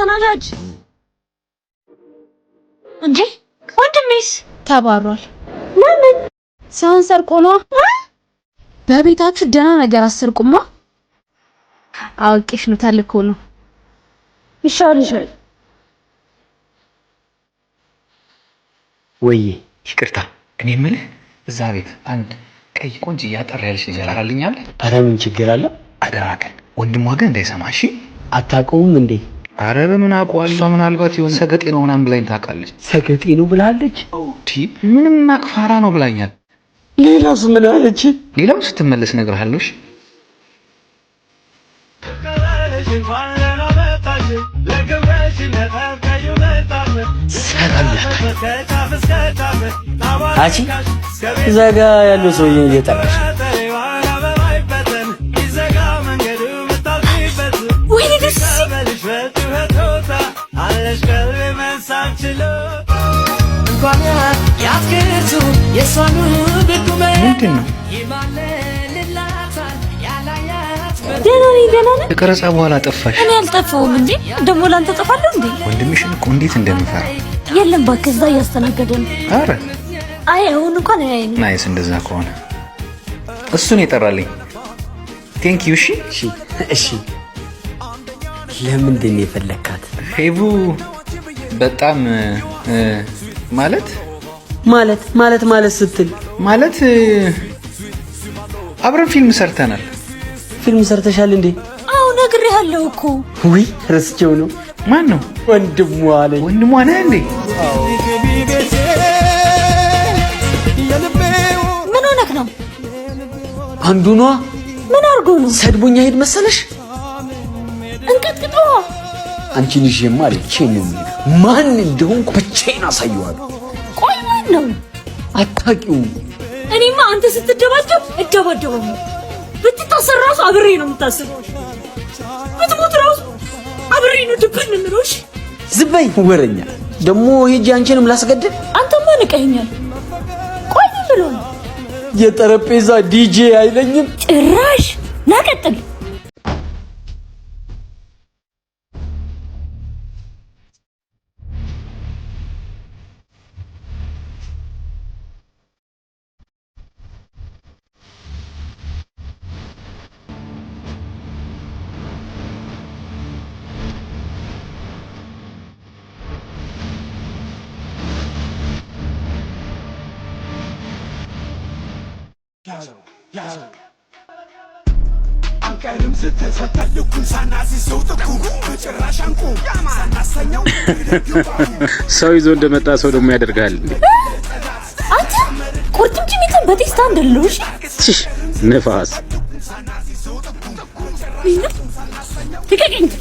አስተናጋጅ እንዴ ወንድሜስ ተባሯል። ለምን ሰውን ሰርቆ በቤታችሁ ደህና ነገር አሰርቁማ። አውቄሽ ነው ተልኮ ነው ይቅርታ፣ እኔ የምልህ እዛ ቤት አንድ ቀይ ቆንጆ እያጠራ ያለች ልጅ ኧረ ምን ችግር አለ? ወንድሟ ግን እንዳይሰማ እሺ። አታውቀውም እንዴ? አረ በምን አውቀዋለሁ። ምናልባት የሆነ ሰገጤ ነው ምናምን ብላኝ ታውቃለች። ሰገጤ ነው ብላለች። ምንም አቅፋራ ነው ብላኛል። ሌላስ ምን አለች? ሌላው ስትመለስ እነግርሃለሁ። አቺ እዛ ጋ ያለው ሰውዬ እየጠራሽ ምንድን ነው? ከቀረጻ በኋላ ጠፋሽ? እኔ አልጠፋሁም እንዴ! ደግሞ ላንተ ጠፋለሁ እንዴ? ወንድምሽን እኮ እንዴት እንደምፈራ የለም፣ እባክህ እዛ እያስተናገደ ነው። አረ አይ፣ አሁን እንኳን አይ፣ ናይስ። እንደዛ ከሆነ እሱን የጠራልኝ። ቴንክ ዩ። እሺ፣ እሺ። ለምንድን ነው የፈለካት? ፌቡ በጣም ማለት ማለት ማለት ማለት ስትል ማለት አብረን ፊልም ሰርተናል። ፊልም ሰርተሻል እንዴ? አዎ ነግሬሃለሁ እኮ። ውይ ረስቼው ነው። ማን ነው? ወንድሙ? አለ ወንድሙ ነህ እንዴ? ምን ሆነህ ነው? አንዱ ነዋ። ምን አርጎ ነው? ሰድቦኛ ሄድ መሰለሽ? እንቀጥቅጠዋ አንቺን ይዤማ ልቼን ነው ማን እንደሆንኩ ብቻዬን አሳየዋለሁ። ቆይ ማን ነው? አታውቂውም። እኔማ አንተ ስትደባደብ እደባደባለሁ። ብትታሰር ራሱ አብሬ ነው የምታስበው። ብትሞት ራሱ አብሬ ነው ድብን የምለው። እሺ ዝም በይ ወረኛ። ደግሞ ሂጂ አንቺንም ላስገድል። አንተማ ንቀኸኛል። ቆይ ብሎ የጠረጴዛ ዲጄ አይለኝም ጭራሽ። ናቀጥል ሰው ይዞ እንደመጣ ሰው ደግሞ ያደርጋል። አንተ ቁርጭምጭሚትን በቴስታ እንደለው እሺ ነፋስ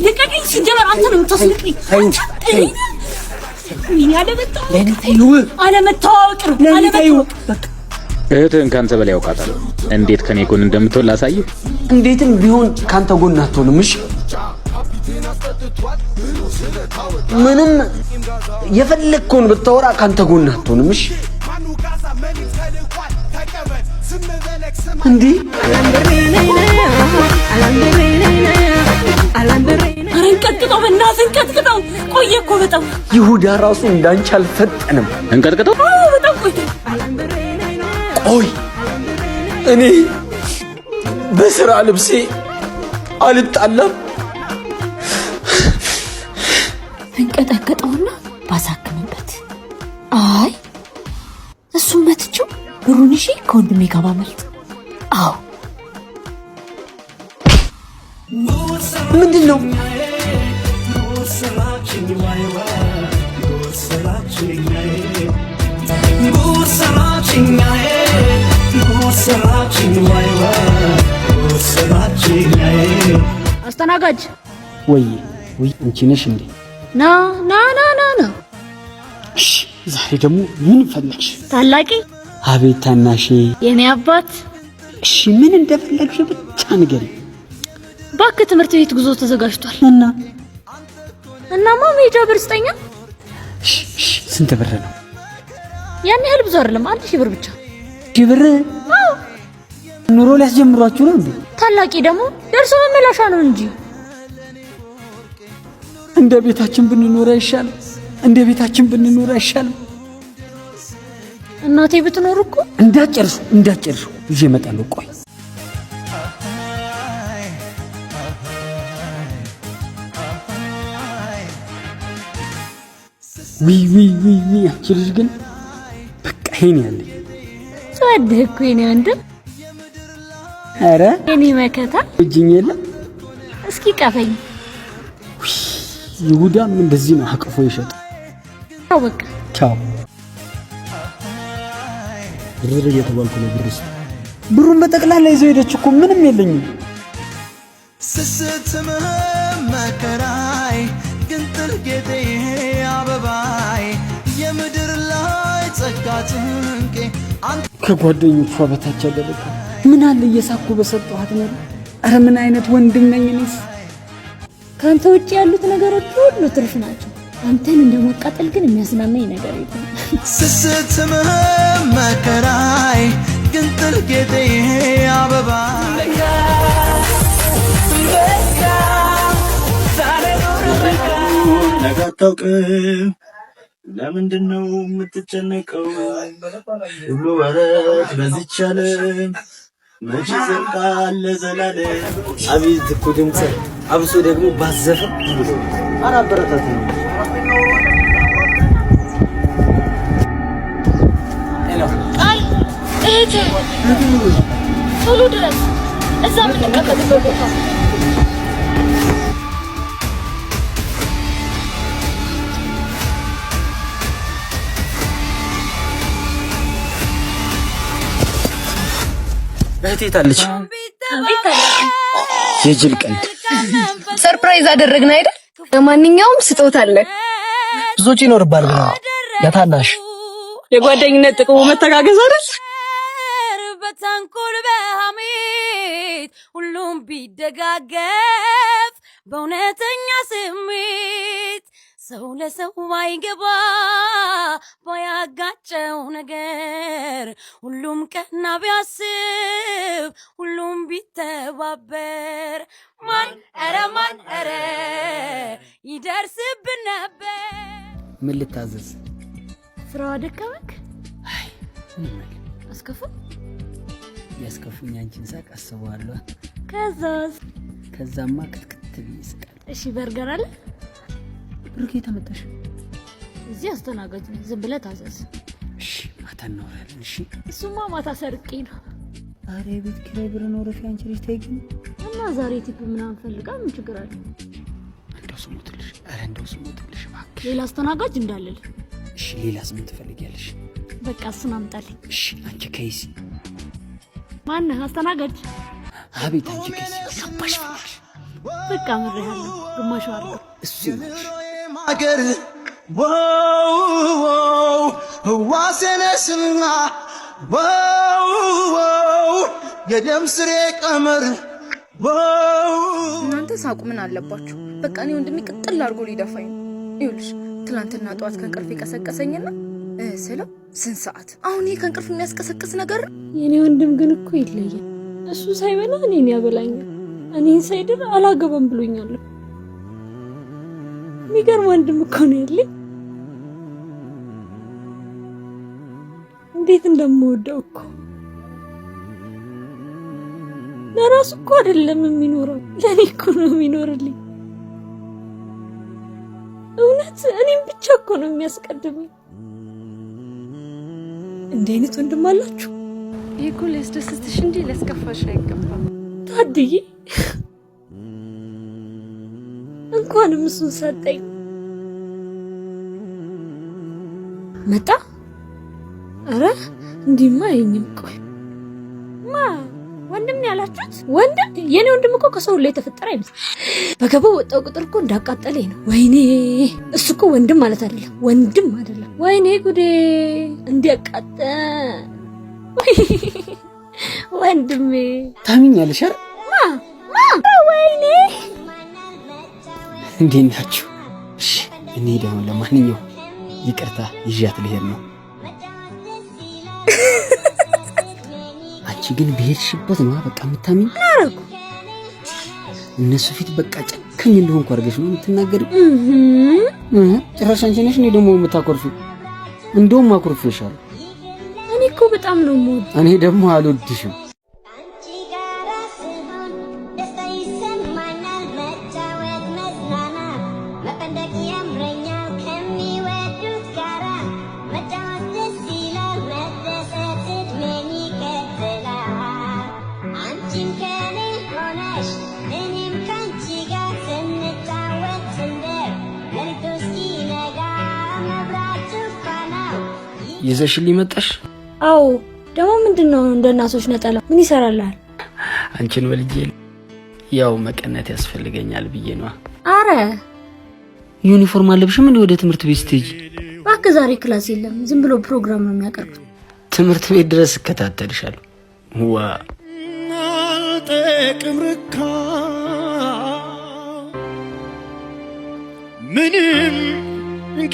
ልቀቀኝ ሲጀመር አንተ ነው የምታስልቀኝ። አለመታወቅ ነው አለመታወቅ እህትህን ካንተ በላይ ያውቃታል። እንዴት ከኔ ጎን እንደምትሆን ላሳይህ። እንዴትም ቢሆን ካንተ ጎን አትሆንም። እሺ፣ ምንም የፈለግከውን ብታወራ ካንተ ጎን አትሆንም። እሺ። እንቀጥቅጠው፣ ይሁዳ ራሱ እንዳንቺ አልፈጠንም። እንቀጥቅጠው ቆይ እኔ በስራ ልብሴ አልጣላም። እንቀጠቀጠውና ባሳክምበት። አይ እሱም መትቼው ብሩን ይዤ ከወንድሜ ጋር ባመልጥ። አዎ ምንድን ነው ጉድ አስተናጋጅ ወይ ወይ አንቺ ነሽ እንዴ? ና ና ና ና ና። እሺ ዛሬ ደግሞ ምን ፈለግሽ? ታላቂ አቤት ታናሽ የኔ አባት። እሺ ምን እንደፈለግሽ ብቻ ንገሪኝ እባክህ። ትምህርት ቤት ጉዞ ተዘጋጅቷል። እና እናማ መሄጃ ብር ስጠኛ። ስንት ብር ነው? ያን ያህል ብዙ አይደለም፣ አንድ ሺህ ብር ብቻ። ሺህ ብር ኑሮ ሊያስጀምሯችሁ ነው እንዴ? ታላቂ ደግሞ ደርሶ መመላሻ ነው እንጂ እንደ ቤታችን ብንኖር አይሻልም? እንደ ቤታችን ብንኖር አይሻልም? እናቴ ብትኖር እኮ እንዳጨርሱ እንዳጨርሱ ይዤ እመጣለሁ። ቆይ ውይ ውይ ውይ፣ ያቺ ግን በቃ ይሄን ያለኝ ስወድህ እኮ ይሄን ያንድም ኧረ እኔ መከታ እጅኝ የለም። እስኪ ቀፈኝ። ይሁዳም እንደዚህ ነው አቅፎ ይሸጥ። ቻው በቃ ቻው። ብር እየተባልኩ ነው። ብርስ ብሩን በጠቅላላ ይዘው ሄደች እኮ ምንም የለኝም። ስስትም መከራይ ግንጥል ጌጤ አበባይ የምድር ላይ ጸጋ ትንቄ ከጓደኞቿ በታች ያደረጋል ምን አለ እየሳኩ በሰጠኋት ነው። አረ ምን አይነት ወንድም ነኝ እኔስ! ከአንተ ውጭ ያሉት ነገሮች ሁሉ ትርፍ ናቸው። አንተን እንደ መቃጠል ግን የሚያስናናኝ ነገር የለም። ስስትም መከራይ ግን ጥልቄጤ አበባ ነገ ለምንድን ነው የምትጨነቀው? ሁሉ ወረት በዚች ዓለም መች ዘልቃል ለዘላለም። አቤት እኮ ድምፅ አብሶ ደግሞ ባዘፈን አላበረታት ነው። ቶሎ ድረስ እዛ የምንቀመጥበት ቦታ እህቴ ታለች። የጅል ቀንድ ሰርፕራይዝ አደረግን አይደል? ለማንኛውም ስጦታ አለ። ብዙዎች ይኖርባል ብለ ለታናሽ የጓደኝነት ጥቅሙ መተጋገዝ አይደል? በተንኮል በሐሜት ሁሉም ቢደጋገፍ በእውነተኛ ስሜት ሰው ለሰው ባይገባ ባያጋጨው ነገር ሁሉም ቀና ቢያስብ ሁሉም ቢተባበር ማን ኧረ ማን ኧረ ይደርስብን ነበር። ምን ልታዘዝ? ስራዋ ደከመክ አስከፉ ያስከፉኝ አንቺን ሳቅ አስበዋለሁ። ከዛስ? ከዛማ ክትክት ብዬ እሺ በርገር አለ ብር ከየት እዚህ አስተናገጅ ነኝ። ዝም ብለህ ታዘዝ። እሺ፣ ማታ እናወራለን። እሺ። እሱማ ማታ ሰርቄ ነው። ኧረ የቤት ኪራይ ብር ኖረ አንቺ ልጅ ታይግኝ እና ዛሬ ቲፕ ምናምን ፈልጋ ምን ችግር አለ? እንደው ስሞትልሽ፣ አረ እንደው ስሞትልሽ እባክሽ። ሌላ አስተናጋጅ እንዳለል። እሺ፣ ሌላስ ምን ትፈልጊያለሽ? በቃ እሱን አምጣልኝ። እሺ። አንቺ ከይሲ ማን አስተናጋጅ አቤት። አንቺ ከይሲ ሰባሽ። በቃ ምሬሃለሁ። ግማሽ አለ እሱ ይመሽ አገር ወው ህዋሴነስና ወው የደም ስሬ ቀመር እናንተ ሳቁ ምን አለባችሁ? በቃ እኔ ወንድሜ ቅጥል አድርጎ ሊደፋኝ ነው። ይኸውልሽ ትናንትና ጠዋት ከእንቅልፍ የቀሰቀሰኝና ስለው ስንት ሰዓት አሁን ይሄ ከእንቅልፍ የሚያስቀሰቅስ ነገር የእኔ ወንድም ግን እኮ ይለያል። እሱ ሳይበላ እኔን ያበላኛል። እኔን ሳይድር አላገባም ብሎኛለሁ። የሚገርም ወንድም እኮ ነው ያለኝ። እንዴት እንደምወደው እኮ ለራሱ እኮ አይደለም የሚኖረው ለኔ እኮ ነው የሚኖርልኝ። እውነት እኔም ብቻ እኮ ነው የሚያስቀድመኝ። እንዲህ አይነት ወንድም አላችሁ። ይህ እኮ ሊያስደስትሽ እንጂ ሊያስከፋሽ አይገባም ታድዬ እንኳንም እሱን ሰጠኝ። መጣ። አረ እንዲማ የኝም። ቆይ ማ ወንድም ያላችሁት ወንድም? የኔ ወንድም እኮ ከሰው ሁሉ የተፈጠረ አይመስል። በገባው ወጣው ቁጥር እኮ እንዳቃጠለኝ ነው። ወይኔ እሱ እኮ ወንድም ማለት አይደለም፣ ወንድም አይደለም። ወይኔ ጉዴ እንዲያቃጠ ወንድሜ ታሚኛለሽ? ማ ማ ወይኔ እንዴት ናችሁ? እሺ እኔ አሁን ለማንኛውም ይቅርታ ይዣት ልሄድ ነው። አንቺ ግን ብሄድሽበት ነው በቃ የምታምኝ። እነሱ ፊት በቃ ጨካኝ እንደሆንኩ አድርገሽ ነው የምትናገሪ። ጭራሽ አንቺ ነሽ እኔ ደግሞ የምታኮርፊው። እንደውም አኮርፌሻለሁ። እኔ እኮ በጣም ነው የምወድ። እኔ ደግሞ አልወድሽም ይዘሽ መጣሽ? አዎ። ደግሞ ምንድን ነው እንደ እናቶች ነጠላ ምን ይሰራልሃል? አንቺን ወልጄ ያው መቀነት ያስፈልገኛል ብዬ ነዋ። አረ ዩኒፎርም አለብሽ? ምን ወደ ትምህርት ቤት ስትሄጂ? እባክህ ዛሬ ክላስ የለም፣ ዝም ብሎ ፕሮግራም ነው የሚያቀርቡት። ትምህርት ቤት ድረስ እከታተልሻለሁ። ዋ አልጠቅምርካ ምንም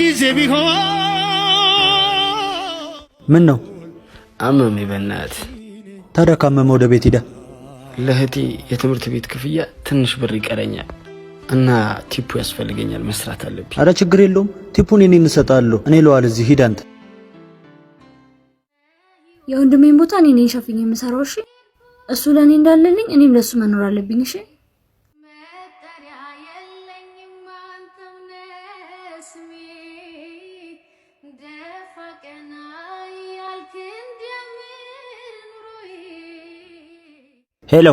ጊዜ ቢሆን ምን ነው አመሜ? በእናትህ ታዲያ ካመመ ወደ ቤት ሂደ። ለእህቴ የትምህርት ቤት ክፍያ ትንሽ ብር ይቀረኛል እና ቲፑ ያስፈልገኛል፣ መስራት አለብኝ። አረ ችግር የለውም ቲፑን እኔ እንሰጣለሁ። እኔ ለዋል እዚህ ሂድ አንተ። የወንድሜን ቦታ እኔ ነኝ ሸፍኝ የምሰራው። እሺ እሱ ለእኔ እንዳለልኝ እኔም ለእሱ መኖር አለብኝ። እሺ ሄሎ።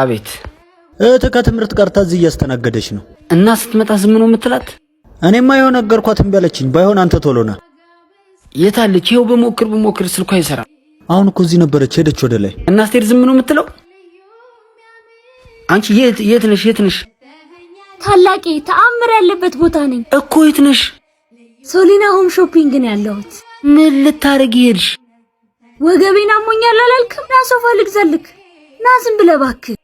አቤት። እህትህ ከትምህርት ቀርታ እዚህ እያስተናገደች ነው እና ስትመጣ ዝም ነው የምትላት? እኔማ የሆነ ነገርኳት እምቢ አለችኝ። ባይሆን አንተ ቶሎ ና። የት አለች? ይኸው በሞክር በሞክር ስልኳ አይሰራም። አሁን እኮ እዚህ ነበረች፣ ሄደች ወደ ላይ። እና ስትሄድ ዝም ነው የምትለው? አንቺ የት የት ነሽ? የት ነሽ? ታላቂ ተአምር ያለበት ቦታ ነኝ እኮ። የት ነሽ? ሶሊና ሆም ሾፒንግ ነው ያለሁት። ምን ልታረጊ ሄድሽ? ወገቤን አሞኛል አላልክም? ና ሶፋ ልግዛልክ ና ዝም ብለህ እባክህ